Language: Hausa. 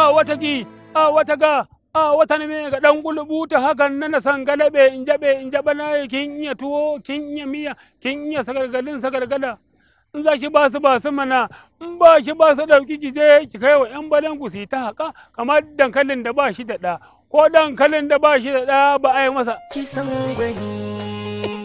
a wata gi a wata ga a wata ne ga dan gulubuta hakan na galabe in jabe in jaba na kin iya tuwo kin iya miya kin iya sagargalin sagargala in za ki ba su ba su mana in ba ki ba su dauki ki je ki kai wa yan balan ku su ta haka kamar dankalin da ba shi da da ko dankalin da ba shi da da ba a yi masa ki san gwani